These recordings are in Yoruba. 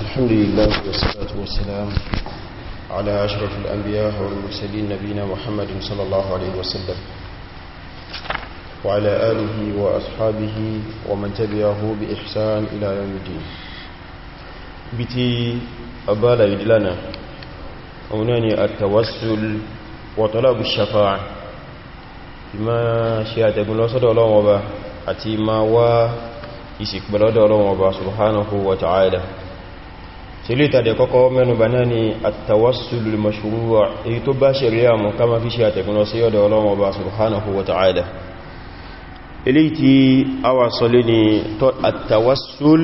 الحمد لله والصلاة والسلام على أشرف الأنبياء والمرسلين نبينا محمد صلى الله عليه وسلم وعلى آله وأصحابه ومن تبعه بإحسان إلى يوم الدين بتي أبالا يدلنا أوناني التوسل وطلب الشفاعة ìmá ṣe àtẹ̀gùn lọ́sọ́dọ̀ Ọlọ́run Ọba àti ìmá wá ìsìnkpẹ̀lọ́dọ̀ Ọlọ́run Ọba subhanahu wa ta'ala ṣe lè tàdẹ̀ kọ́kọ́ mẹ́nubà náà ni àtàwásùlù mashru'a èyí tó bá ṣe rí àmù ká ma fi ṣe àtẹ̀gùn lọ sí ọ̀dọ̀ Ọlọ́run Ọba subhanahu wa ta'ala ilé àtàwásùl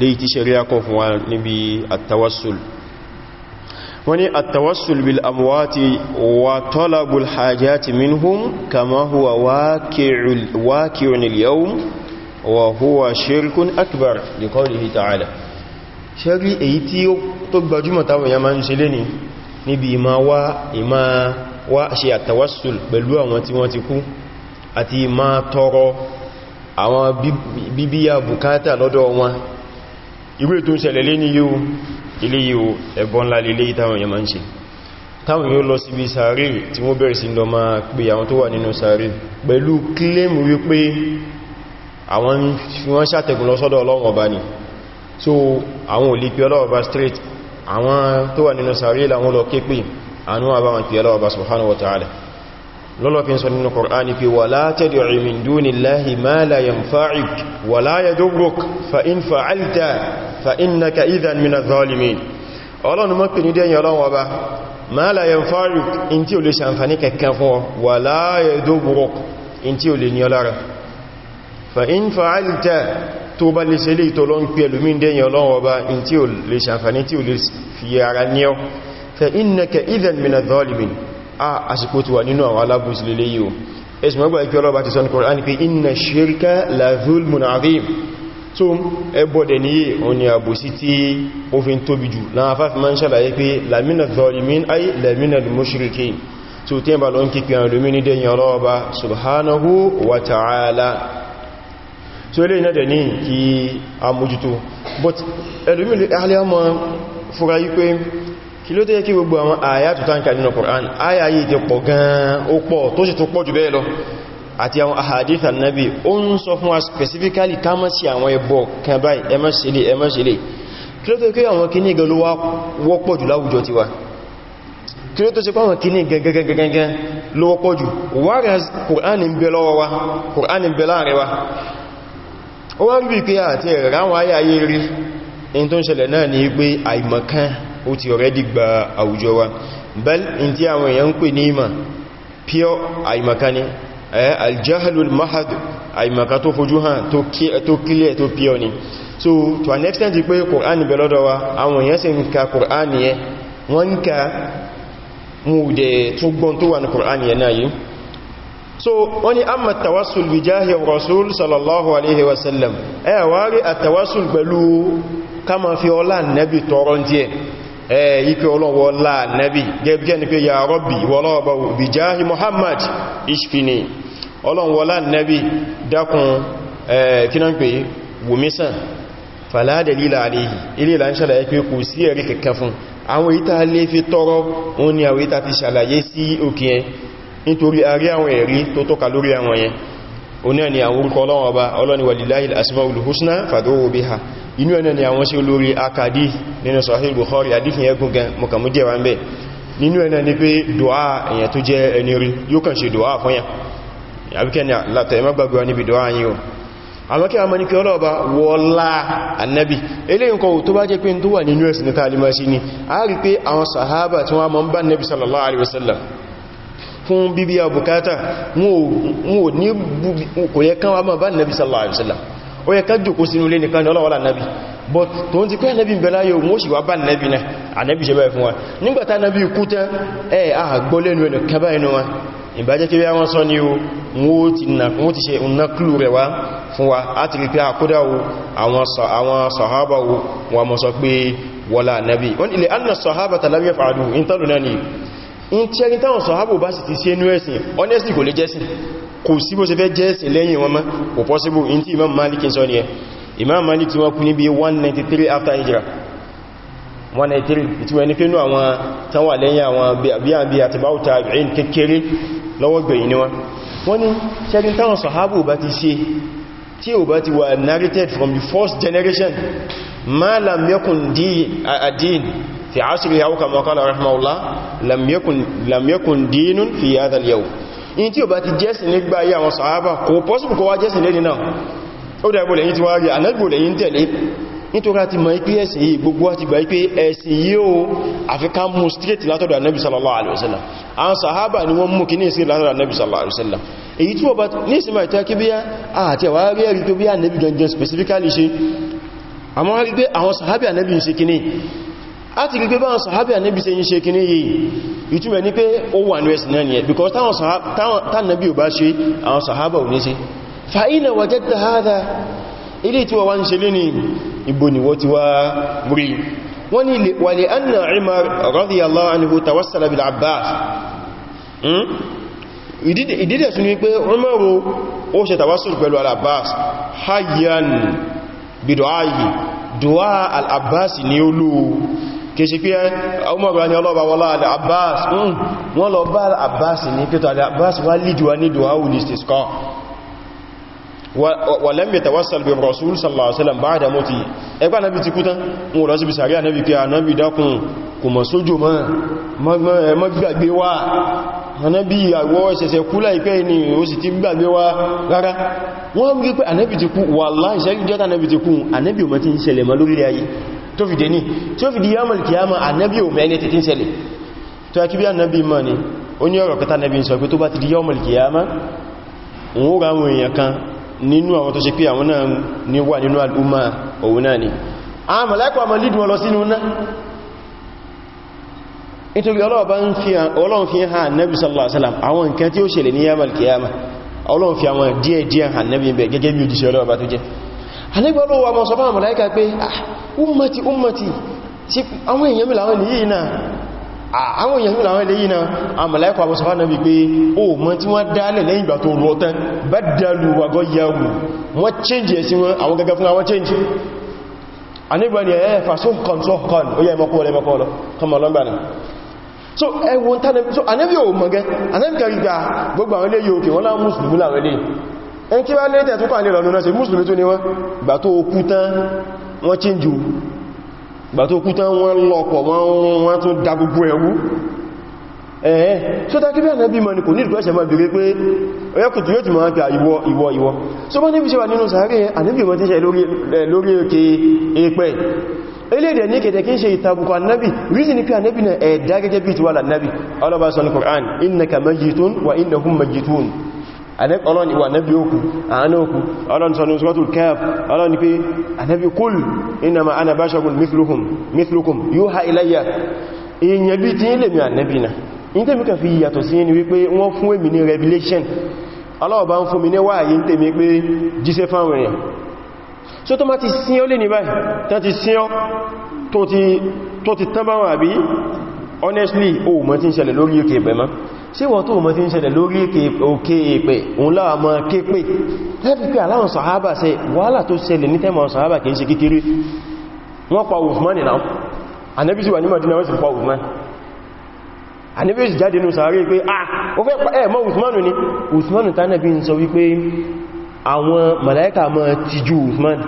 lè tí ṣe rí akọ fún wa níbi àtàwásùlù wọ́n ní àtàwásùl bil amwati wa talabul hajati minhum kama huwa waqi'un al-yawm wa huwa shirkun akbar li qawlihi ta'ala ṣẹ́rí èyí tí ó tó gbajúmọ̀ táwọn ya máa ń ṣe lé ní níbi ìmá wá ìmá wá ṣe àtàwásùl pẹ̀lú àwọn tí wọ́n ti kú àti ìmá tọrọ àwọn bíbíyà bùkátà lọ́dọ̀ wọn irú ètò ìṣẹ̀lẹ̀ lé ní yóò ilé yíò ẹbọn ńlá lè léyìí táwọn èèyàn máa ń ṣe táwọn yóò lọ síbi sàárè tí wọ́n bẹ̀rẹ̀ sí lọ máa pè àwọn tó wà nínú sàárè pẹ̀lú kílèmù wípé àwọn fi wọ́n ọlọ́run ọba ni so àwọn ò lè pè straight àwọn tó wà nínú sàárè làwọn lọ ké pè àwọn àbáwọn pè ọlọ́run lọ́lọ́fin sọ nínú Kùránì fi wala tad'u min dunillahi ma la yanfa'uk wala yadurruk fa in fa'alta fa innaka idhan min adh-dhalimin ọlọ́run mọ́ pè ní dẹ́yìn ọlọ́run ọba ma la yanfa'uk in tí o lè ṣàǹfàní kẹkẹ fún ọ Ah, àsìkò ti wà nínú àwọn alábùsí lélé yíò ẹ̀sùn mọ́gbà ikú ọlọ́bà ti sọ́nà kọ̀rọ̀ pé inna shirka la zulmun azim tó ẹbọ̀dẹ̀ ní òní àbòsí tí ó fi ń tóbi jù náà fáfí ma ń ṣàlàyé pé lamina zalimin ay lamina mushrikin tó tí ẹmbà lọ ń subhanahu wa ta'ala tó ilé iná dẹ̀ ní kí a mójútó but ẹlùmí alẹ́ ọmọ kí ló tó yẹ kí gbogbo àwọn àyà tó tánkà nínú Qur'an àyà yìí ti pọ̀ gan ó pọ̀ tó sì tó pọ̀ jù bẹ́ẹ̀ lọ àti àwọn ahadith annabi ó ń sọ fún wa specifically ká má sí àwọn ẹbọ kan báyìí ẹ má ṣe lè ẹ má ṣe lè kí ló tó kí àwọn kíní ó ti already gba àwùjọ wa bal in tí àwọn èèyàn ń pè ní ìmọ̀ pure àìmọ̀kaní eh, aljahalul mahad àìmọ̀ká tó fojú hàn tó clear tó pure ni so to an extent pé Kùránì bẹ lọ́dọ̀ wa àwọn èèyàn sì ń ka Kùránì yẹ wọ́n ń ka mú dẹ̀ tó gbọ́n tó wà ní Kùránì yẹ náà so wani amma tawassul bi jahiyar rasul sallallahu alaihi wasallam ẹ wari a tawassul pẹ̀lú kama fi ọlá nabi tọrọ tí ike ọlọ́wọ́ láàrẹ́bì gẹ́gẹ́ ni pé ya rọ́bì wọ́lọ́ọ̀bọ̀ bìjáhì Muhammad ishfini ọlọ́wọ́ láàrẹ́bì dákun kínan pé wùmísàn fàládẹ̀lílà àríhì ilé ìlà ń ṣàlàyé pé kò sí ẹ̀rí kẹkẹ fún àwọn ìta lè fi tọrọ òun ni àwọn ìta fi ṣàlàyé sí òkè yẹn nítorí àrí àwọn ẹ̀rí tó tọ́ka lórí àwọn ọba ọlọ́ni ha. inú ẹ̀nà ni àwọn ṣe olórí akadi nínú Sahih Bukhari àdífin ẹgbùn gan mọ̀kànmú díẹ̀ wọ́n bẹ̀ nínú ẹ̀nà ni pé dùá èyàn tó jẹ́ ẹni rí yóò kàn ṣe dùá fún yàn àbíkẹ́ ni látọ̀ ẹmọ́ gbàgbà níbi dùá yìí o àwọn kí a mọ́ ní kí ọlọ́ọ̀bá wọ́lá annabi eléyìn kọ̀wò tó bá jẹ́ pé tó ni a rí pé àwọn sàhábà tí wọ́n mọ́ ń bá nẹ́bí sallallahu alaihi wasallam fún bíbí àbùkátà wọn ò ní kò yẹ kán wá mọ́ bá nẹ́bí sallallahu alaihi ó yẹ ká jòkó sínú ilé nìkan ní ọlọ́wọ́lá but tó ń ti pé nabi bẹ̀lá yóò mú òṣìwà bá nabi náà ànabi ṣe bẹ́ẹ̀ fún wa nígbàtá nabi kú tán ẹ àgbọ́ lẹ́nu ẹnu kẹba inú wa ìbájẹ́ kí wọ́n sọ ni wọ́n ti ṣe ìnáklù rẹ̀ wá fún wa á ti rí pé àkúdá àwọn sọ̀hábà wọn mọ́ sọ pé wọ́lá nabi wọ́n ilẹ̀ anna sọ̀hábà tàbí fàádù ìntàlù náà ni in tí táwọn sọ̀hábà bá sì ti sí ẹnu ẹ̀sìn honestly kò lè jẹ́sìn kò sí bó ṣe fẹ́ jẹ́ ẹ̀sìn lẹ́yìn wọn mọ́ kò possible in tí imam malik sọ ni ẹ imam malik tí wọ́n kú níbi 193 after hijra 193 ìtíwẹ̀ ní pínú àwọn tánwà lẹ́yìn àwọn bí àtibáwò tabi'in kékeré lọ́wọ́ gbẹ̀yìn ni wọ́n wọ́n ni ṣẹ́rin táwọn sọ̀hábù bá ti ṣe tí ó bá ti wà narrated from the first generation ma lam di adin fi asiri yau kama kala rahimahullah lam yakun dinun fi hadha yau in tí ò bá ti jẹ́sìn nígbà ayé àwọn sàhábà kò pọ́sùn kọwa jẹ́sìn lẹ́ni náà ó dá ìbòlẹ̀yìn ti wá rí ànẹ́gbòlẹ̀yìn tẹ̀lé nítorí àti mọ̀ ipé ẹ̀sìn yìí gbogbo àti gbà ipé ẹ̀sìn yìí o àfikà mú sallallahu alaihi wasallam àwọn ni wọ́n mú kí ní ìsìn látọ̀dọ̀ sallallahu alaihi wasallam èyí tí wọ́n bá ní ìsìn máa ìtàkí bí á àti àwọn arí specifically ṣe àwọn arí pé àwọn sàhábà láti gbígbé báwọn sàhábì ànábì ṣe ń ṣe kìíní yìí ìtumẹ̀ ní pé ó wà ní ẹ̀sìn náà ni ẹ̀ because tánàbí ò bá ṣe àwọn sàhábà ò ní ṣe fa'ina wajadta hadha ilé tí wọ́n wá ń ṣe lé ní ìbò ni wọ́n ti wá al-Abbas ni olóò kèsì pé ọmọbìnrin ni ọlọ́ba wọlá àdá abbas hmm, wọ́n lọ bá abbas ní pẹ́tọ̀ àdá abbas wá lídíwá ní dùn áwù ní stisqa wà lẹ́mẹ̀ tawassal bí rasul sallallahu alaihi wasallam ba'da mauti ẹgbà náà bí ti kútán wọn lọ sí bí sàrí ànábì pé ànábì dákun kò mọ̀ sójò mọ́ gbàgbé wá ni ó sì ti tó fi dé ní tí ó fi di yamal kiyama annabi o mẹ́ni tẹ́tí sẹlẹ̀ tó yá kí bí annabi ma ni ó ní ọ̀rọ̀ kẹta annabi sọ pé tó bá ti di yamal kiyama òun ó ra àwọn èèyàn kan nínú àwọn tó ṣe pé àwọn náà ní wà nínú al'umma òun náà ni a mọ̀lẹ́kọ̀ àmọ́ lídùn ọlọ sínú náà nítorí ọlọ́run fi hàn annabi sallallahu anẹ́gbọ́lọ́ wa mọ́sọ fáwọn mọ̀láíkà pé ah, ummati ummati tí àwọn èèyàn mìí láwọn èyí náà àwọn èèyàn mìí láwọn èyí náà a mọ̀láíkà wọ́sọ fáwọn náà wípé o mọ́ tí wọ́n dálẹ̀ lẹ́yìn ìgbà tó rọ tán badalu wa ghayyaru wọ́n change ẹ̀ sí wọn àwọn gẹ́gẹ́ fún àwọn change anẹ́gbọ́ni ẹ̀ eh, fasóhùn kan sóhùn ó yẹ mọ́kọ́ lẹ́mọ́kọ́ lọ kọmọ lọ́gbà ni so ẹwọ́n tánàbí so anẹ́bí ò mọ̀ gẹ́ anẹ́bí kẹrìgbà gbogbo àwọn ilé yóò kè wọ́n láwọn mùsùlùmí láwọn ilé ẹn kí wá lẹ́tẹ̀ tó kà lè rọ̀nà sí mùsùlùmí tó ní wọ́n gbà tó okú tán wọ́n tí ń jù gbà tó okú tán wọ́n lọ́pọ̀ wọ́n tún dá gbogbo ẹ̀wú ẹ̀ẹ́ so tá kí bẹ́ẹ̀ nẹ́bí mọ́ ni kò ní ìrùkọ́ṣẹ̀ máa bèèrè pé ọyọ́kùtù yóò ti máa pẹ̀ ìwọ ìwọ ìwọ so bá níbi ṣe wà nínú sàárè àníbì mọ́ tíṣẹ́ lórí òkè èpẹ̀ eléèdè ní kẹta kí ń ṣe ìtàbùkù annabi rízi ní pé annabi na ẹ̀dá gẹ́gẹ́ bí ti wà lànàbì ọlọ́bá sọ ní Qur'an innaka majitun wa innahum majitun ọlọ́ni wà nẹ́bí òkú àánà òkú ọlọ́ni sọ ní ṣọ́tùl kẹf ọlọ́ni pé ànẹ́bí kúl innama ana basharun mithlukum mithlukum yuha ilayya èyàn bí tí ilẹ̀ mi ànẹ́bí na in tẹ́mi kà fi yàtọ̀ sí ní wípé wọ́n fún èmi ní revelation honestly o mọ̀ tí ń ṣẹlẹ̀ lórí òkè ìpẹ̀ mọ́ ṣe wọ́n tó mọ̀ tí ń ṣẹlẹ̀ lórí òkè ìpẹ̀ òun láà mọ́ képe lẹ́bí pé sahaba sàhábà ṣe wàhálà tó ṣẹlẹ̀ ní tẹ́mọ̀ sàhábà kìí ṣe kékeré wọ́n pa Uthman náà Ànábì sì wà ní Madina wọ́n sì pa Uthman Ànábì sì jáde nù sàárè pé ah ó fẹ́ pa mo Uthman ni Uthman tánàbí ń sọ wípé àwọn malaika mọ́ tijú Uthman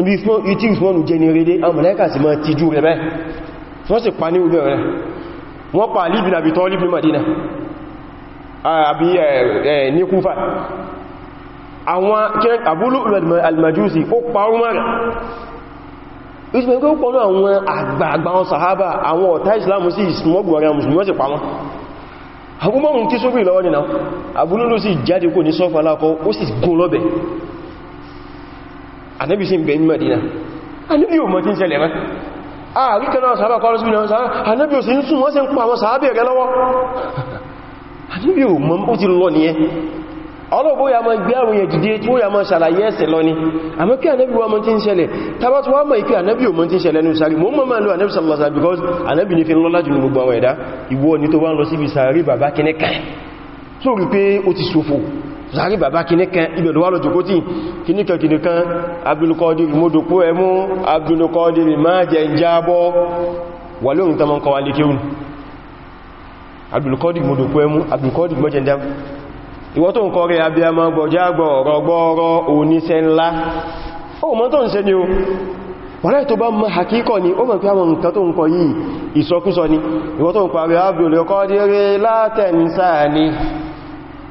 ibi tí Uthman jẹ́ ní rere àwọn màláíkà sì mọ́ tijú rẹ̀ bẹ́ẹ̀ wọ́n sì pa ní ugbẹ̀ rẹ̀ wọ́n pa Ali bin Abi Talib ní Madina àbí ní Kúfà àwọn Abu Lu'lu' al-Majusi ó pa Umar ìsìnkú pé ó pọ̀lú àwọn àgbààgbà wọn sàhábà àwọn ọ̀tá ìsìlámù sí ìsìnmọ́gbọ̀rẹ̀ mùsùlùmí wọ́n sì pa wọn agbúmọ̀rún kí sóbì lọ́wọ́ nìna Abu Lu'lu' sì jáde kò ní sọ́fà alákọ́ ó sì gún lọ́bẹ̀ Ànábì sí ń Madina Ànábì ò mọ́ tí ń ṣẹlẹ̀ àríkaná ah, sàábà kọ́ lọ́sí ìlànà sàábà anábí òsì ń sùn wọ́n sì ń pa àwọn sàábì rẹ lọ́wọ́ anábí ò mọ́ ó ti lọ nìyẹn ọlọ́bọ̀ ya ma gbé àwọn èèyàn dìde tí ó ya ma ṣàlàyé ẹsẹ̀ lọ ni àmọ́ kí anábí wa mọ́ tí ń ṣẹlẹ̀ tàbá tí wọ́n mọ̀ ikú anábí ò mọ́ tí ń ṣẹlẹ̀ ní sàárì mọ́ mọ́ lọ anábí sàlọ́sà because anábí ní fi lọ́lá jù ní gbogbo àwọn ẹ̀dá ìwọ ni tó wá ń lọ síbi sàárì bàbá kẹ́nẹ́kẹ́ tó rí pé ó ti ṣòfò láàrin baba kìníkan ibẹ̀lúwà lọ jùkútì kìníkan kìníkan abdulkadir mọ́dùkú ẹmú abdulkadir máa jẹ ìjábọ́ wà lóòrùn tán mọ́ kọwa lè kéhùn abdulkadir mọ́dùkú ẹmú abdulkadir mọ́ jẹ ìjábọ́ ìwọ́ tó ń kọrẹ abiyamọ gbọ̀jágbọ̀ ọ̀rọ̀gbọ́ọ̀rọ̀ ni o wọ́n tó bá mọ́ hakíkọ̀ ni ó mọ̀ àwọn nǹkan tó ń ni ìwọ́ tó ń parí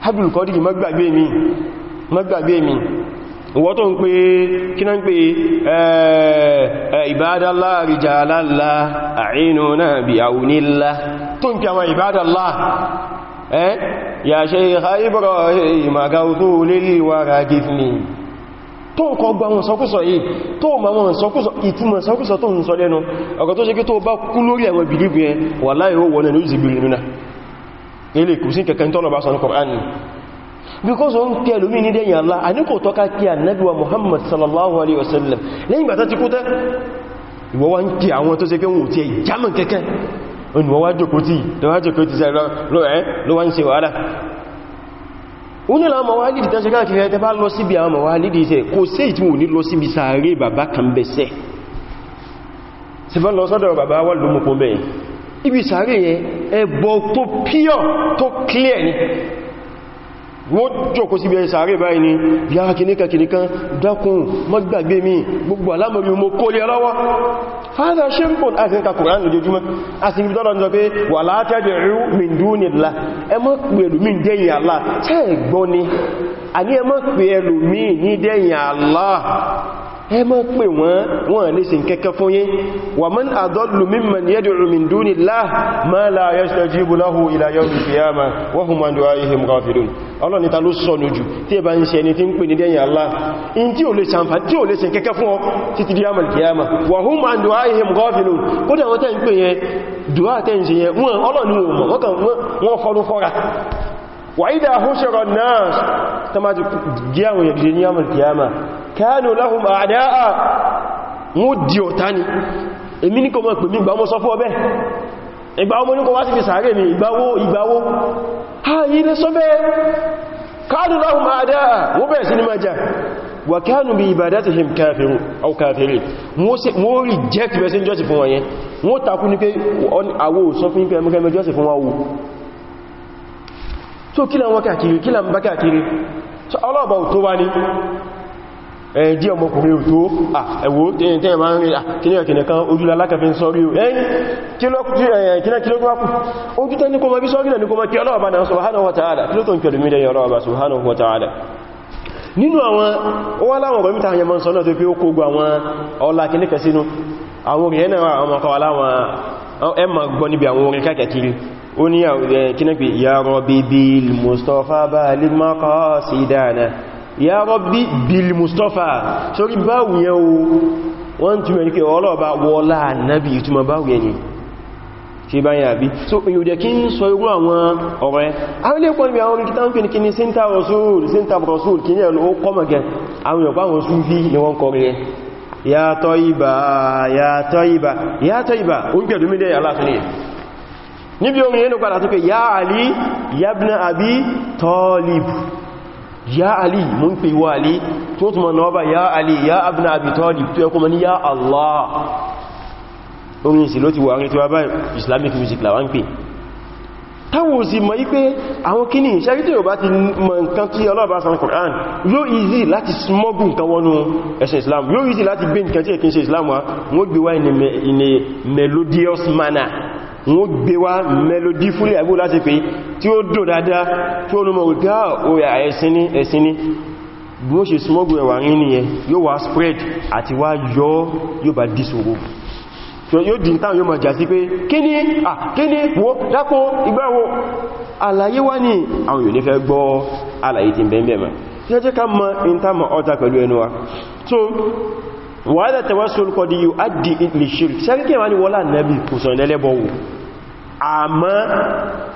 Abdul Qadir má gbàgbé mi má gbàgbé mi wọ́n tó ń pè kí náà ń pè ìbádàlá rìjàlálá àìnú náà bí àwúnílá tó ń pè àwọn ìbádàlá ẹ́ yà ṣe ìhàíbọ̀rọ̀ ìmàgáwótó lélè wára gífìní tó kọ gba wọn sọkúsọ yìí tó ma wọn sọkúsọ ìtumọ̀ sọkúsọ tó ń sọ lẹ́nu ọ̀gọ̀ tó ṣe kí tó bá kú lórí àwọn bìlìbì yẹn wà láìwọ́ wọ́n náà ní ìzìbìrì nínú náà ilé kò kẹkẹ tọ́lọ̀ bá sọ́nà Kùránì because on pẹ̀lú mi ní dẹ̀yìn Allah a ní kò tọ́ka kí Ànábì wa Muhammad sallallahu alaihi káàkiri ẹ̀ bá lọ síbi àwọn mọ̀wálìdì iṣẹ́ kò sí ìtí wò ní lọ síbi sàárè bàbá kan bẹ̀ṣẹ́ sí lọ sọ́dọ̀ bàbá wà lómùkún bẹ̀yìn ibi sàárè yẹn ẹbọ tó píọ̀ tó clear ni wọ́n jòkó sí ibi sàárè báyìí ni bí a kìníkà kìníkà dákun má gbàgbé mi gbogbo alámọ̀rí mo kó lé ọlọ́wọ́ fádà ṣímpùn àti níka kùránù lójoojúmọ́ a sì níbi tọ́lọ́njọ́ pé wà látẹ́dẹ̀ rú min dúnìlá ẹmọ́ pẹ̀lú mi dẹ́yìn Allah tẹ́ẹ̀gbọ́ ni a ní ẹmọ́ pẹ̀lú mi ní dẹ́yìn Allah ẹ mọ́ pè wọ́n wọ́n lè sin kẹ́kẹ́ fún yín wa man adallu mimman yad'u min dunillah ma la yastajibu lahu ila yawmil qiyamah wa hum an du'a'ihim ghafilun Allah ni ta ló sọnù jù tí ẹ bá ń ṣe ẹni tí ń pè ní dẹ́yìn Allah in tí ò lè sàǹfà tí ò lè sin kẹ́kẹ́ fún ọ títí di yawmil qiyamah wa hum an du'a'ihim ghafilun ó dẹ̀ wọ́n tẹ́ ń pè yẹn dùá tẹ́ ń ṣe yẹn wọ́n Allah ni wọ́n kọlu fọ́ra wa idha hushira an-nas tamaji giyawo yadda ni yawmil qiyamah kanu lahum a'daa wọ́n di ọ̀tá ni èmi ní kò mọ̀ pè mí ìgbà ọmọ sọ fún ọbẹ̀ ìgbà ọmọ ní kò wá sí fi sàárè mi ìgbàwó ìgbàwó ha yí lẹ́ sọ bẹ́ẹ̀ kanu lahum a'daa wọ́n bẹ̀rẹ̀ sí ní máa jà wà kanu bi ibadatihim kafirun aw kafirin wọ́n reject mẹ́sìn jọ́sì fún wọn yẹn wọ́n takú ní pé àwọ́ sọ fún ìpẹ́ mẹ́kẹ́ mẹ́jọ́sì fún wọn wò so kí là ń wá káàkiri kí là ń bá káàkiri so ọlọ́ọ̀bọ̀ tó wá ní ẹ̀dí eh, ọmọkùnrin tó ẹ̀wò tẹ́yẹ̀ máa ń rí kíníyàkíní kan ojúlá alákàfin sọ́rí ẹ̀yìn kílọ́kùnrin ojú tẹ́ ní kọmọ bí sọ́rí ní kọmọ kí ọlọ́ọ̀bá náà subhanahu wa na kí ló tó ń kẹrù mídẹ̀ yọrọ̀ọ̀bá subhanahu wa ta'ala nínú àwọn owó aláwọ̀ mítà àyẹmọ́ sọ́nà tó pé ó kó ọlá àwọn orin àwọn ọkọ̀ ẹmà gbọ́ níbi àwọn orin kákẹ̀kiri ó ní àwọn ya Rabbi bil Mustafa balig ya rabbi bil mustafa sori báwù yẹn o wọ́n túnmẹ̀ ní kí ọlọ́ọ̀bá wọ́lá náàbì ìtumọ̀ báwù yẹn ni ṣe bá yà bí so ìyòdẹ̀ kí ń sọ irú àwọn ọ̀rẹ́ àwọn ilé pọ̀ níbi àwọn orí kìtà ní kí ní sínta rasul sínta rasul kí ní ẹ̀lú ó kọ́ mọ̀gẹ̀ àwọn ìyọ̀pá àwọn súnfí ni wọ́n kọ rẹ̀ ya tayyiba ya tayyiba ya tayyiba oúnjẹ domínlẹ̀ alásùnìyà níbi orin yẹn padà tó ya ali yabna abi talib ya ali mo ń pè ìwọ ali tó túnmọ̀ náà bá ya ali ya abin abi talib tó ẹkùnmọ̀ ni ya allah orin ìsìn ló ti wà rí tí wá bá islamic music là wọ́n pè táwọn òsì mọ̀ wípé àwọn kíní ìṣẹ́rí tí yóò bá ti mọ̀ nǹkan tí ọlọ́ọ̀bá san Qur'an Yo easy láti smuggle nǹkan wọnú ẹ̀sìn Islam Yo easy láti gbé nǹkan tí ẹ̀kí ṣe Islam wa. wọ́n gbé wá in a melodious manner wọ́n gbé wá mẹ́lòdí fúlẹ̀ àgbó láti pé tí ó dùn dáadáa tí ó númọ̀ wípé àà ah, oh, ẹ̀sìn ní ẹ̀sìn ní bí ó ṣe smọ́gbọ̀ ẹ̀wà rí ní ẹ yóò wá spread àti wá yọ yóò bá dísòwò yóò dì táwọn yóò máa jà sí pé kíní à ah, kíní wo dápò ìgbàwo àlàyé wá ní àwọn yóò ní fẹ́ gbọ́ àlàyé ti bẹ̀m̀bẹ̀mà tí ó jẹ́ ká mọ́ ìntàmà ọjà pẹ̀lú ẹnu wa so وهذا التوسل قد يؤدي للشرك سيكي يعني ولا النبي كسان لبوه àmọ́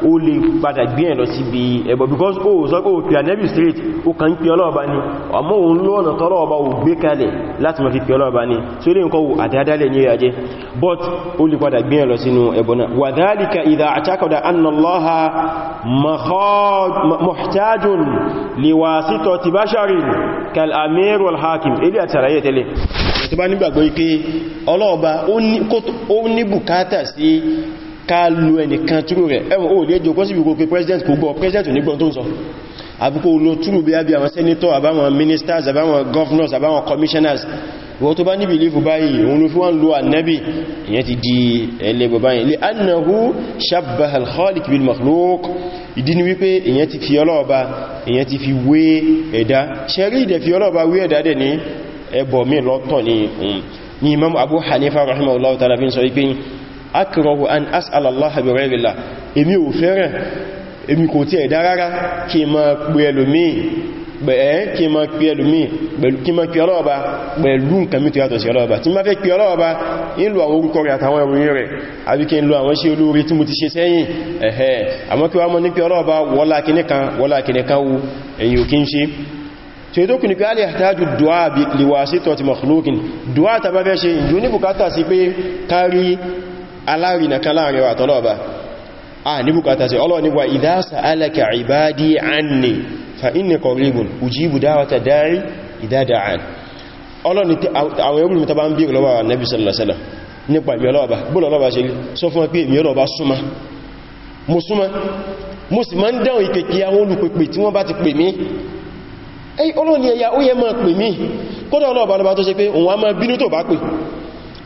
o lè padà gbé ẹ̀ lọ sí ibi ẹbọ because o sọ pé o pè ànẹ́bì straight o kàn ń pè ọlọ́ọ̀bá ni ọmọ òun lọ́nà tọ́lọ́ọ̀bá o gbé kalẹ̀ láti mọ̀ fi pè ọlọ́ọ̀bá ni so lè nǹkan àdádálẹ̀ ní ìyàjẹ́ but o lè padà gbé ẹ̀ lọ sínú ẹbọ náà wa dhalika idha i'taqada anna Allaha muhtajun liwasitati basharin kal-amir wal-hakim ilé àtàràyẹ̀ tẹ́lẹ̀ tí bá nígbàgbọ́ ipé ọlọ́ọ̀bá ní bùkátà sí ká lo ẹnìkan túrú rẹ̀ ẹwọ̀n ó lè jòkó sí ìgbòkè president kò gbọ́ president onígbọ́n tó ń sọ àbúkò ló túrú bí àbí àwọn senator àbáwọn ministers àbáwọn governors àbáwọn commissioners wọ́n tó bá ní bìlífù báyìí òun ló fi wọ́n lo ànábì ìyẹn ti di ẹlẹ́bọ̀ báyìí lè annahu shabbaha al-khaliq bil makhluq ìdí ni wípé ìyẹn ti fi ọlọ́ọ̀ba ìyẹn ti fi wé ẹ̀dá ṣẹ́rí ìdẹ̀ fi ọlọ́ọ̀ba wé ẹ̀dá dẹ̀ ní ẹbọ̀ mi lọ́tọ̀ um, ni Imam Abu Hanifa rahimahullahu ta'ala fi ń sọ akọrọ̀wọ̀ an as'alallaha bi rẹ̀rìlá èmi ò fẹ́ràn èmi kò tí ẹ̀dá rárá kí ma pè ẹlòmíì kí ma pè ẹlòmíì kí ma pè ọlọ́ọ̀bá pẹ̀lú nǹkan mítò yàtọ̀ sí ọlọ́ọ̀bá tí ma fẹ́ pè ọlọ́ọ̀bá nílò àwọn orúkọ rẹ̀ àtàwọn ìròyìn rẹ̀ àbí kí n lo àwọn iṣẹ́ olóorí tí mo ti ṣe sẹ́yìn ẹ̀hẹ́ àmọ́ kí wá mọ́ ní pé ọlọ́ọ̀bá alari na kalari wa a ni bukata sí ọlọ́ ni wa idha sa'alaka ibadi anni fa inni qaribun ujibu da'wata da'i idha da'an ọlọ́ ni àwọn ẹgbùn mẹ́ta bá ń bèèrè lọ́wọ́ nabi sallallahu alaihi wasallam nípa ìmì ọlọ́ọ̀bá bóòlọ́ ọlọ́ọ̀bá ṣe sọ fún pé ìmì ọlọ́ọ̀bá súnmá mo súnmá mo sì máa ń dáhùn ìpèkì àwọn olùpèpè tí wọ́n bá ti pè mí ẹ̀yí ọlọ́ọ̀ni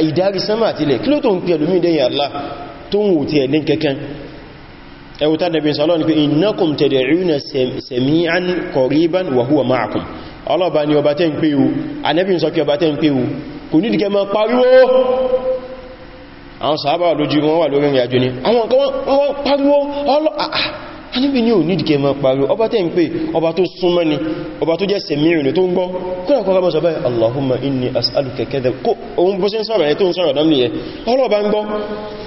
ìdarí sánmà àtilẹ̀ kí ló tó ń pè ẹlòmí dẹ́yìn Allah tó ń wò tí ẹ̀ ní kẹ́kẹ́ ẹwùtá nàbí sọ́lọ́ ni pé innakum tad'una sami'an qariban wa huwa ma'akum ọlọ́ba ni ọba tẹ́ ń pè o anẹ́bí sọ pé ọba tẹ́ ń pè o kò ní dìkẹ́ máa pariwo àwọn ọlọ́ níbi ní ò nídìkẹ ma pariwo ọba tẹ́ ń pè ọba tó súnmọ́ ni ọba tó jẹ́ sẹ̀mírìn tó ń gbọ́ kọ́nàkọ́ ọba sọ̀bá Allahumma inni as'aluka kadha kó ohun bó sí ń sọ̀rọ̀ ẹ̀ tó ń sọ̀rọ̀ dámì ẹ̀ ọlọ́ọ̀bá ń gbọ́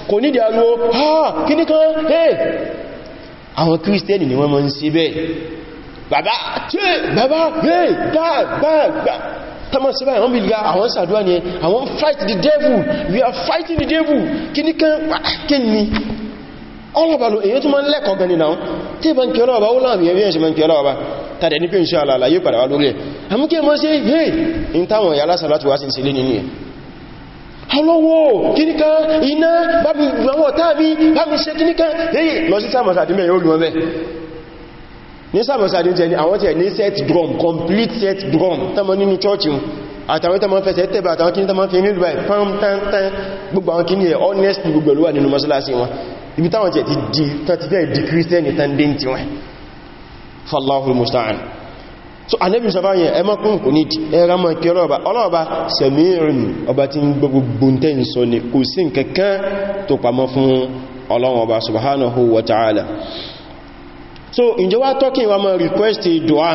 kò nídìí ariwo ha kíní kan hey àwọn kírísítẹ́nì ni wọ́n mọ́ ń ṣe bẹ́ẹ̀ bàbá tẹ́ bàbá hey dad bàbá tọ́mọ̀ sí báyìí wọ́n bí ga àwọn sàdúwà ni àwọn fight the devil we are fighting the devil kíní kan kí ni ọlọ́bàlù èyí tó máa ń lẹ́kọ̀ọ́ gani náà tí bá ń kí ọlọ́ọ̀bá ó láàrin ẹ̀rí ẹ̀ṣẹ̀ máa ń kí ọlọ́ọ̀bá tàdẹ̀ ní pé ń ṣe àlàyé padà wá lórí ẹ̀ àmúkẹ́ mọ́ sí hey in táwọn ìyá lásà láti wá sí ìsìlé nínú ẹ̀ ọlọ́wọ́ kíníkà iná bábi ìgbàwọ̀ tàbí bábi ṣe kíníkà hey lọ sí ni set drum complete set drum tánmọ́ nínú chọ́ọ̀chì àtàwọn tánmọ́ fẹsẹ̀ tẹ́bà àtàwọn kíní tánmọ́ fi nílùú báyìí pam tán tán gbogbo àwọn kíní ẹ̀ honest gbogbo ló wà nínú mọ́sálásí wọn ibi táwọn jẹ́ ti di tàti fẹ́ di kírísítẹ́nì tán dé tí wọ́n fallahu musta'an so anẹ́bìn sọfáyẹn ẹ mọ́kún kò ní ẹra mọ́ kí ọlọ́ọ̀bá ọlọ́ọ̀bá sẹ̀mírìn ọba tí ń gbogbo tẹ́yìn sọ ni kò sí nǹkankan tó pamọ́ fún ọlọ́ọ̀bá subhanahu wa ta'ala so ǹjẹ́ wá tọ́kìn wa mọ́ request dua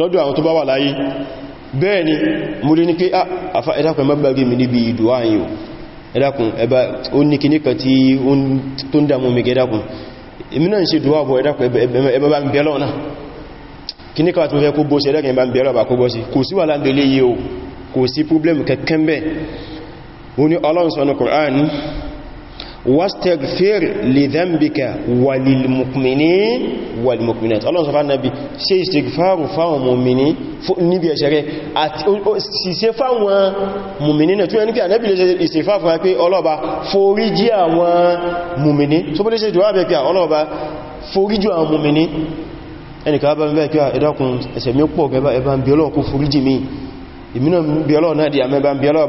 lọ́dọ̀ àwọn tó bá wà láyé bẹ́ẹ̀ ni mo lè ní pé ah, àfá ẹ̀dàpẹ̀ mọ́gbàgbé mi níbi dua yìí ẹ̀dàkùn ẹba ó ní kìní kan tí tó ń dámú mi gẹ́dàkùn èmi náà ń ṣe dùwà bọ̀ ẹ̀dàkùn ẹba bá ń bẹ̀lọ́ náà kìní kan tó fẹ́ kó bọ́sí ẹ̀dàkùn ẹba ń bẹ̀lọ́ bá kó bọ́sí sí واستغفر لذنبك وللمؤمنين والمؤمنات الله سبحانه نبي ṣe istighfaru fáwọn mùmìnì níbi ẹ̀ṣẹ̀rẹ̀ àti ṣiṣẹ́ fáwọn mùmìnì náà tún ẹni pé ànẹ́bì lè ṣe istighfaru fún pé ọlọ́ba foríjì àwọn mùmìnì tó bó lè ṣe ìdúwà bẹ̀ pé ọlọ́ba foríjì àwọn mùmìnì ẹnìkan bá mẹ́ pé ah, ẹ̀dọ́kùn ẹ̀ṣẹ̀ mi pọ̀ gẹ́bà ẹbá ń bí ọlọ́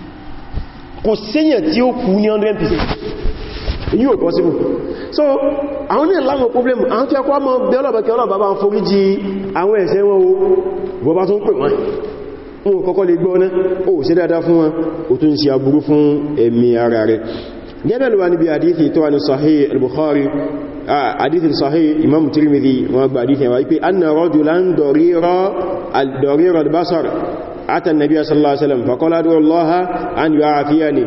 kò séyàn tí ó kú ní 100% èyí ò possible so àwọn ní ìlànà problem àwọn tí ẹkọ́ mọ́ bí ọlọ́bẹ̀kẹ́ ọlọ́bàbà ń forí jì àwọn ẹ̀ṣẹ̀ wọn o bọba tó ń pè wọ́n wọn kọ́kọ́ lè gbọ́ náà ó ṣe dáadáa fún wọn ó tún ṣe aburú fún ẹ̀mí ara rẹ̀ gẹ́gẹ́ lọ́wọ́ níbi àdíthì tó wà ní sahih al-bukhari àdíthì sahih imam tirmidhi wọn gba àdíthì wọn wípé anna rajulan darira al-basar ata nàbí sallallahu alaihi wasallam faqala ad'u Allaha an yu'afiyani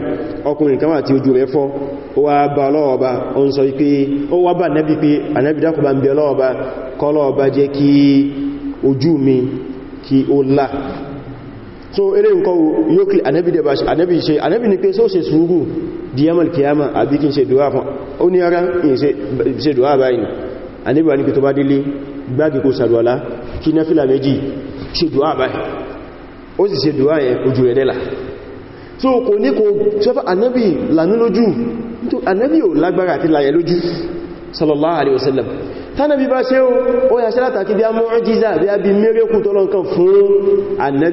ọkùnrin kan wà tí ojú rẹ̀ fọ́ ó wá bá lọ́ọ̀ba ó ń sọ pé ó wá bá nàbí pé ànàbí dákùbà ń bẹ lọ́ọ̀ba kọlọ́ọ̀ba jẹ́ kí ojú mi kí ó là gbági kó sàdùwàlá kí náfìlà méjì ṣe dùwà báyìí ó sì ṣe dùwà yẹn ojú ẹ̀dẹ́là so kò ní kò ṣẹ́fà anábì lanú lójú tó anábì ò lágbára àti láyẹ lójú sallallahu alaihi wasallam tánàbí bá ṣe ó yà ṣe látàkí bí a mu'jiza bí a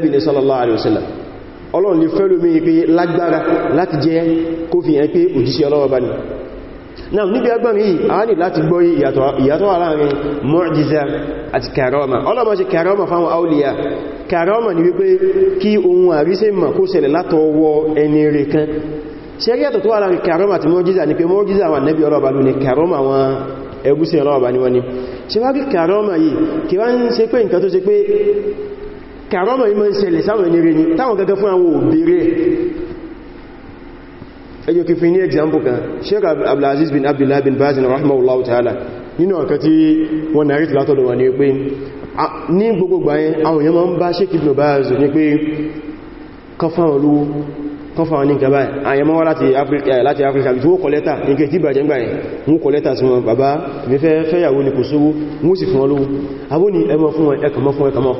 bí sallallahu alaihi wasallam ọlọ́run ní fẹ́lú mi pé lágbára láti jẹ́ kófin ẹ pé náà níbi agbárin yìí a ní láti gbọ́ ìyàtọ̀ wà láàrin mu'jiza àti karama ọlọ́mọ ṣe karama fáwọn auliya karama ni wípé kí ohun àríṣẹ́ mọ̀ kó ṣẹlẹ̀ látọwọ́ ẹni rẹ̀ kan ṣe rí ẹ̀tọ̀ tó wà láàrin karama àti mu'jiza ni pé mu'jiza àwọn nẹ́bí ọlọ́ba ló ni karama àwọn ẹgúsí ọlọ́ba ni wọ́n ni ṣe wá rí karama yìí ẹjọ́ kí fi ní example kan sheik abdulaziz bin abdullah bin bazin rahimahullahu ta'ala nínú ọ̀kan tí wọ́n na rítì látọ̀lọ̀ wà ní pé ní gbogbo gbáyẹn àwọn èèyàn ma ń bá sheik ibn baz ní pé kọfà olówó kọfà ní nǹkan báyìí àyẹ mọ́ eh, láti africa tí ó kọ lẹ́tà ní kẹ́ tí bàjẹ́ gbà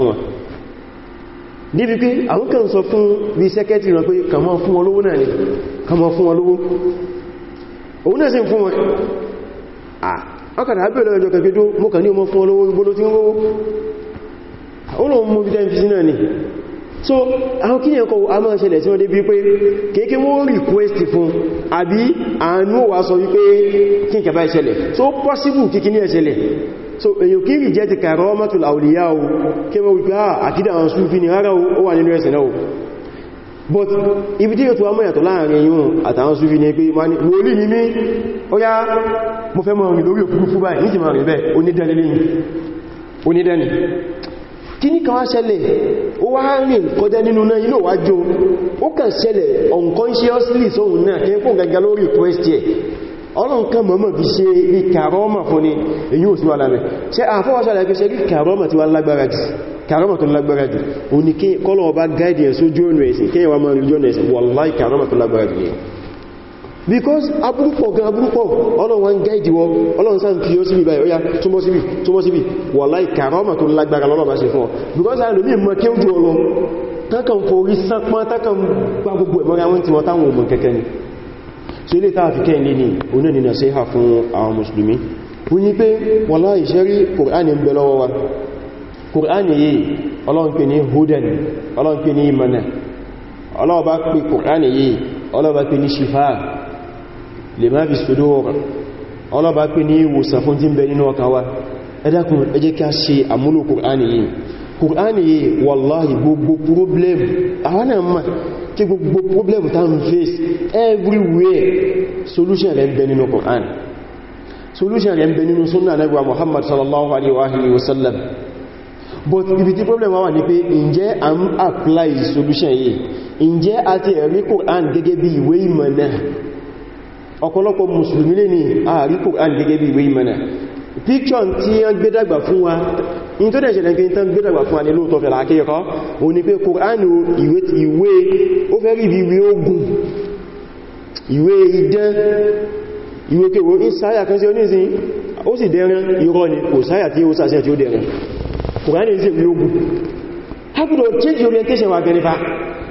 níbi pé àwọn kan sọ fún bí sẹ́kẹ́tìrì wọn pé kàmọ́ fún wọn náà ni kàmọ́ fún wọn òun náà sì fún wọn ọkàdà kẹgbẹ́dó mọ́ kà ní ọmọ fún olówó igbóló tí so a tí wọ́n dé pé wọ́n request fún àbí wípé so èyàn kí rí jẹ́ ti karamatul awliya o kí wọ́n wípé ha ah, àkídà àwọn súnfí ni rárá ó wà nínú ẹ̀sìn náà but ibi tí yóò tó wámọ̀ yàtọ̀ láàrin yíò àtàwọn súnfí ni pé wòlí ni mí ó yá mo fẹ́ mọ̀ rìn lórí òkúrufú báyìí ní ti máa rìn bẹ́ẹ̀ onídẹ́ni kí ní kan wá ṣẹlẹ̀ ó wá rìn kọjá nínú náà inú wájú ó kàn ṣẹlẹ̀ unconsciously So náà kí ń pọ̀ gẹ́gẹ́ lórí request ọlọ́run kan mọ̀mọ̀ fi ṣe ní kàrọ́mà fún ní èyí ò sí wà lámẹ́ ṣe àfọwọ́sàlẹ̀ fi ṣe rí kàrọ́mà tí wà lágbára jù kàrọ́mà tó lágbára jù o ní kí kọ́lọ̀ ọba gáìdì ẹ̀sọ́ jóònù ẹ̀sìn kí ẹwà máa ríjọ́nù ẹ̀sìn wàláì kàrọ́mà because aburúpọ̀ gan aburúpọ̀ ọlọ́run wọn gáìdì wọ ọlọ́run sáà ń fi ó síbì báyìí ó yá túnbọ̀ síbì túnbọ̀ síbì wàláì kàrọ́mà tó lágbára because àwọn olómi mọ́ kí ó jù ọlọ́ tákàn forí sápá tákàn gbogbo ẹ̀mọ́ra wọn tí wọ́n táwọn òmò kẹ́kẹ́ ni so ilé fi kẹ́yìn lè ní oní ni ha fún àwọn musulmi ó ní pé wallahi ṣẹ́rí kùránì ń bẹ lọ́wọ́ wa kùránì yìí Ọlọ́run ní hudan Ọlọ́run ní imana Ọlọ́run pè kùránì yìí Ọlọ́run pè ní lima fi sudur kùránì yìí wàláhì gbogbo problem àwọn náà ma kí gbogbo problem ta ń face everywhere solution rẹ̀ ń bẹ nínú kùránì solution rẹ̀ ń bẹ nínú súnnà nẹ́gbà Muhammad sallallahu alaihi wasallam but ibi tí problem wà ní pé ǹjẹ́ a ń apply solution yìí ǹjẹ́ a ti rí kùránì gẹ́gẹ́ bí ìwé ìmọ̀ náà ọ̀pọ̀lọpọ̀ mùsùlùmí lè ní ààrí kùránì gẹ́gẹ́ bí ìwé ìmọ̀ náà picture tí wọ́n gbé dàgbà fún wa in tó dẹ̀ ṣẹlẹ̀ pé tán gbẹ́dàgbà fún alẹ́ lóòtọ́ fẹ̀lá akẹ́yọkọ́ o ní pé kòránù ìwé ó fẹ́ rí ìwé ogun ìwé idán ìwé kéwò ní sáyà kan sí oníṣin ó sì dẹ̀rẹ̀ irọ́ ni kò sáyà tí ó sàṣẹ́ tí ó dẹ̀rẹ̀ kòránù ìwé ogun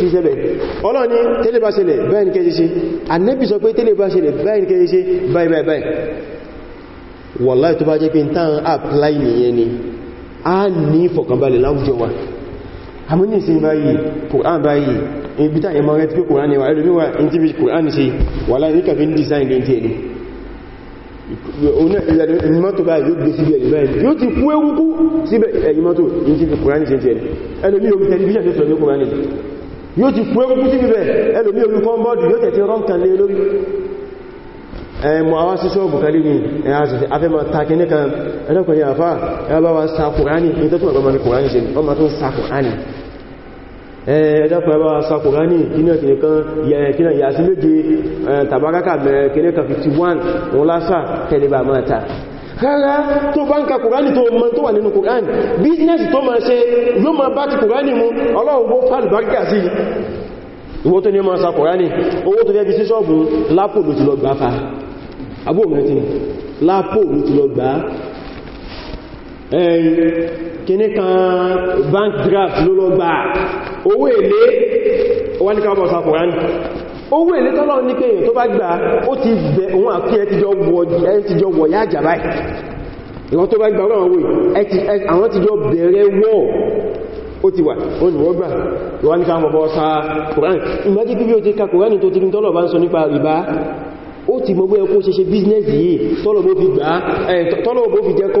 fi ṣẹlẹ̀ ọlọ́ ni tẹ́lẹ̀ bá ṣẹlẹ̀ báyìí ní kẹjẹ́ sí anẹ́bì sọ pé tẹ́lẹ̀ bá ṣẹlẹ̀ báyìí ní kẹjẹ́ sí báyìí báyìí báyìí wàláì tó bá jẹ́ pé tán apply nìyẹn ni a ní fọ̀kànbalẹ̀ láwùjọ wa amúnìsí báyìí Qur'an báyìí ibi tá ìmọ̀ rẹ̀ tí pé Qur'an ni wà ẹlòmíwà ní tí bí Qur'an sí wà láì ní kàfin design lè tí ẹni ìmọ́tò báyìí yóò gbé síbẹ̀ ìbáyìí yóò ti kú ẹrùkú síbẹ̀ ìmọ́tò ní tí Qur'an sí ẹni ẹlòmí yóò ti fún ẹgbùkú sí bíbẹ̀ ẹlòmí olùkọ́ bọ́ọ̀dù yóò tẹ̀tẹ̀ rọ́nkà lé e lórí ẹmọ àwọn sí ṣọ́ọ̀bù kalí ní ẹ̀hásìsì afẹ́mọ̀ takini kan ẹlọ́kùnrin àfá ẹlọ́wà sàkùránì ìtọ́tù ọgbọ̀mọ̀ ní kùránì ṣe ọmọ tó sàkùránì ẹ̀ẹ́dọ́kùnrin àfá sàkùránì kínà kìnìkan kínà yàsí méje tàbárákà mẹ́rin kìnìkan 51 wọn lásà tẹ́lẹ̀bà mọ́ta rárá tó bá ń ka kùránì tó mọ tó wà nínú kùránì bíznẹ́sì tó máa ṣe yóò máa bá ti kùránì mú ọlọ́run bó fàlùbáríkà sí ìwó tó ní máa sa kùránì owó tó fẹ́ bí sí ṣọ́ọ̀bù lápò ló ti lọ gbá fa abúrò mẹ́tí lápò ló ti lọ gbá kíní kan bank draft ló lọ gbà owó èlé wọ́n ní owó èlé tọ́lọ́ ní pé tó bá gbà ó ti bẹ̀ òun àti ẹ ti jọ wọ̀ yá àjàbá ìwọ́n tó bá gbà ọ̀rọ̀ òwe àwọn ti jọ bẹ̀rẹ̀ wọ́ ó ti wà ó ní wọ́n gbà wọ́n ní káwọn bọ́ sa Kùránì ìmájí bí ó ti ka Kùránì tó ti rí tọ́lọ̀ bá ń sọ nípa rìbá ó ti mọ̀ bóyẹ kó ṣe ṣe bíznẹ́sì yìí tọ́lọ̀ bó fi gbà tọ́lọ̀ bó fi jẹ́ kó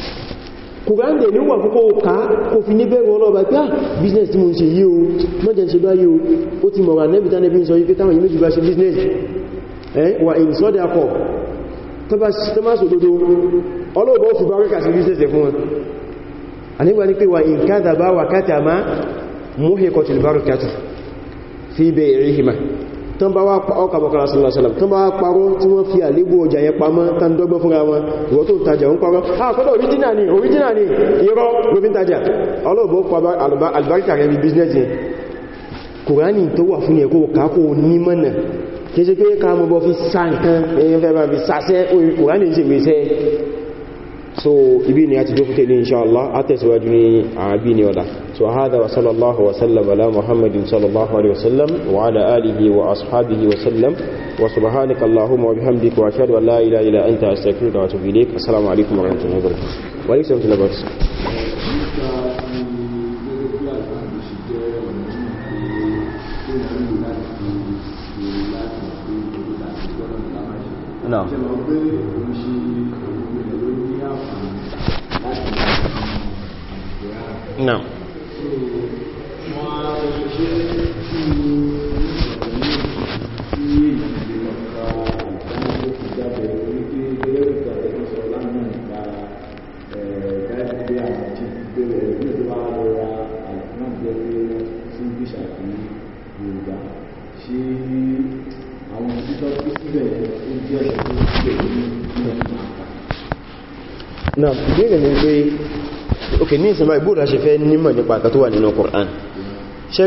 kòrán dẹ̀ ní wà ka òká kò fi ní bẹ̀rù ọlọ́ọ̀bá pé business tí mo ń o mọ́jẹ̀ ṣe eh, bá yí o ó ti mọ̀ràn nẹ́bí tánẹ́bí ń sọ yí pé táwọn yìí méjì bá business ẹ́ wà in sọ́dẹ̀ akọ̀ tọ́básò dodo ọlọ́ọ̀bá ó fi bá business tán bá wá ọkàbọ̀kàrà sọ̀rọ̀sọ̀lọ̀ tán bá wá parọ́ tí wọ́n fi àlébù ọjà yẹn pamọ́ tán dọ́gbọ́ fúnra wọn ìwọ́n tó tajà ń parọ́ àkọ́lọ̀ ah, oríjínà ni oríjínà ni irọ́ lóbin tajà ọlọ́bọ̀ albarka rẹ̀ bí business yẹn kùránì tó wà fún ẹ̀kọ́ kàkó nímọ̀nà kí so ibi ni a ti dókútẹ̀ ní inṣáàlá àtẹ̀síwájú ní àbí ni ọ̀la so hádà wa sallallahu wa sallam ala muhammadin sallallahu alaihi wasallam wa ala alihi wa ashabihi wa sallam wa subhanaka allahumma wa bihamdika wa ashhadu an la ilaha illa anta astaghfiruka wa atubu ilayk assalamu alaikum wa rahmatullahi wa barakatuh wa alaikum assalam wa rahmatullahi wa barakatuh náà náà ìbéèrè ni òkè ní ìsinmi ìbúdá ṣe fẹ́ nímọ̀ nípa àkàtó wà nínú Qur'an ṣe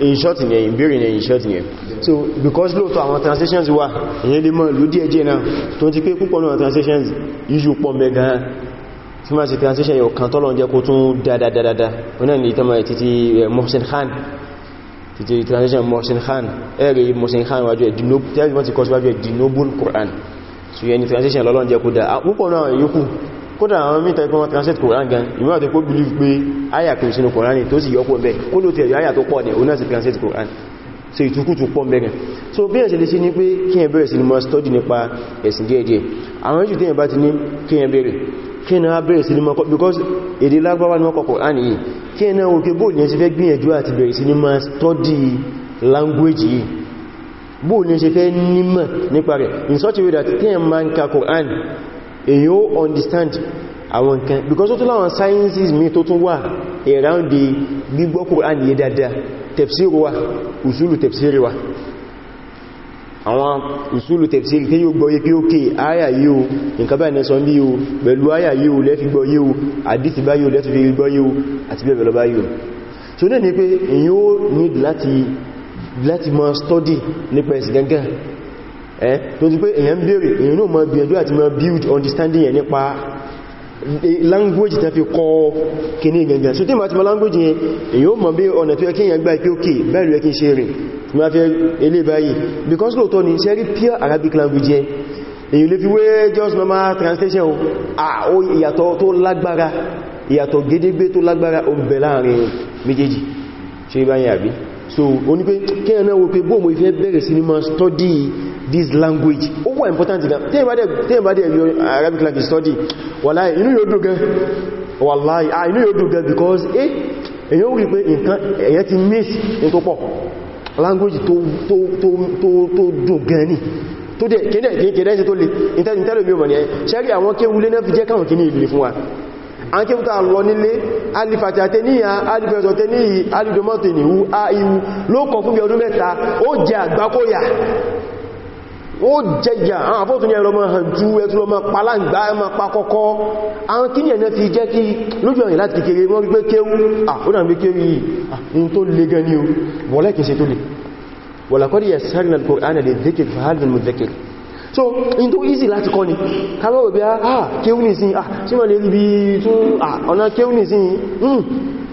in short yẹn ìbéèrè yẹn in short yẹn so because lóòtọ́ àwọn translations wà èyàn lè mọ̀ lódí ẹjẹ́ náà tó ti pé púpọ̀ náà translations yíò pọ̀ mẹ́gan tí máa ṣe translation yẹn ọ̀kan tọ́lọ̀ jẹ́ kó tún dáadáadáa wọ́n náà ní ìtàmà títí eh, Mohsin Khan títí translation Mohsin Khan ẹ̀rẹ̀ Mohsin Khan Qur'an so yẹn ni translation lọ́lọ́ jẹ́ kó dáa púpọ̀ náà yókù kódà àwọn mítà ikú wọn translate Koran gan ìwọ́n àti kó believe pé àyà kò sínú Koran ní tó sì yọ́pọ̀ mẹ́ kó ló tẹ̀lú àyà tó pọ̀ ní onáà sí translate Koran so ìtukútù pọ̀ mẹ́rin so bí ẹ̀ṣẹ̀ lè sí ní pé kí ẹ bẹ̀rẹ̀ sí ní máa study nípa ẹ̀sìn díẹ̀díẹ̀ àwọn méjì tẹ́yìn bá ti ní kí because èdè lágbàwà ní ọkọ̀ Koran yìí kí ẹ náà òkè fẹ́ study language yìí bóòlù yẹn sí fẹ́ nímọ̀ nípa rẹ̀ in such a way that kí ẹ ka Koran èyí ó understand àwọn nǹkan because ó tún láwọn sciences mi tó tún wà around the gbígbọ́ Qur'an yẹ dáadáa tefsir wa usulu tefsir wa àwọn usulu tefsir tí yóò gbọ́yé pé ókè ayà yíò nǹkan báyìí nẹ́sọ ní yíò pẹ̀lú ayà yíò lẹ́fi gbọ́yé o àdíti bá yíò lẹ́fi gbọ́yé o àti bẹ́ẹ̀ bẹ̀lọ bá yíò so náà ni pé èyí ó need láti láti máa study nípa ẹ̀sì ẹ́ eh? tó ti pé èyàn bèèrè èyàn náà mọ́ gbìyànjú àti mọ́ build understanding ẹ̀ nípa language tẹ́ fi kọ́ kìíní gẹ̀gẹ̀ so tí ma ti mọ́ language yẹn èyàn mọ́ bí ọ̀nà tó yẹ kí èyàn gbá ìpé òkè bẹ́ẹ̀lú ẹkí ṣe because lóòtọ́ ni ṣe pure Arabic language yẹn èyí lè fi wé just translation o ah ó ìyàtọ̀ tó lágbára ìyàtọ̀ gédégbé tó lágbára ó bẹ̀ láàrin méjèèjì ṣe báyìí àbí so ó ní pé kí ẹ̀nà wo pé bóòmù ìfẹ́ bẹ̀rẹ̀ sí ní ma study this language ó wà important gan tẹ́yìn bá dẹ̀ yọ Arabic language study wàláì inú yóò dùn gan wàláì I know yóò dùn gan because eh èyàn wí pé nǹkan èyàn ti miss in tó pọ̀ language to dùn gan ni tó dẹ̀ kéde kéde ṣe tó lè intelligent mi ò mọ̀ ní ẹ ṣẹ́rí àwọn kéwulé náà fi jẹ́ káwọn kí ní ìlú fún wa àwọn kéwútà lọ nílé alifàtí àtẹníyà alifẹ̀ẹ́sọ̀ tẹ́níyì alìdọmọ́tẹ̀ níhú a iwu ló kọ̀ fún bí ọdún mẹ́ta ó jẹ àgbákóyà ó jẹjà àwọn àpótò ní ẹ̀rọ máa hànjú ẹtù lọ máa paláǹgbá ẹ máa pa kọ́kọ́ àwọn kí ní ẹ̀nà fi jẹ́ kí lójú ọ̀rìn láti kékeré wọ́n rí pé kéwú àkódà bí kéwú yìí in tó le gan ní o wọ́lẹ́kì ṣe tó le wọ́lẹ́kọ́dí yasarna al-Qur'ana lidhikr fahal min mudhakkir so in tó easy láti kọ́ ni kama wẹ̀ bí ah kéwú ní sin ah tí wọ́n lè rí bí tún ah ọ̀nà kéwú ní sin hmm.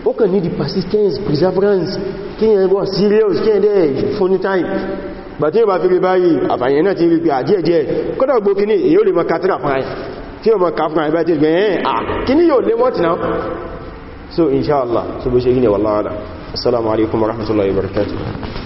ó kàn ní the persistence perseverance kí ni ẹgbọ́ serious kí ni ẹgbọ́ fun time bàtí yóò bá fi rí báyìí àfàyẹ̀ náà ti rí pé àjíẹ̀jẹ̀ kọ́dọ̀ gbó kí ní èyí ò lè mọ́ katira fún àyí tí ó mọ́ ká fún àyí bá ti rí ẹ̀ẹ́ à kí ní yóò lè mọ́tì náà so inshallah so bó ṣe gíní wallahu a'lam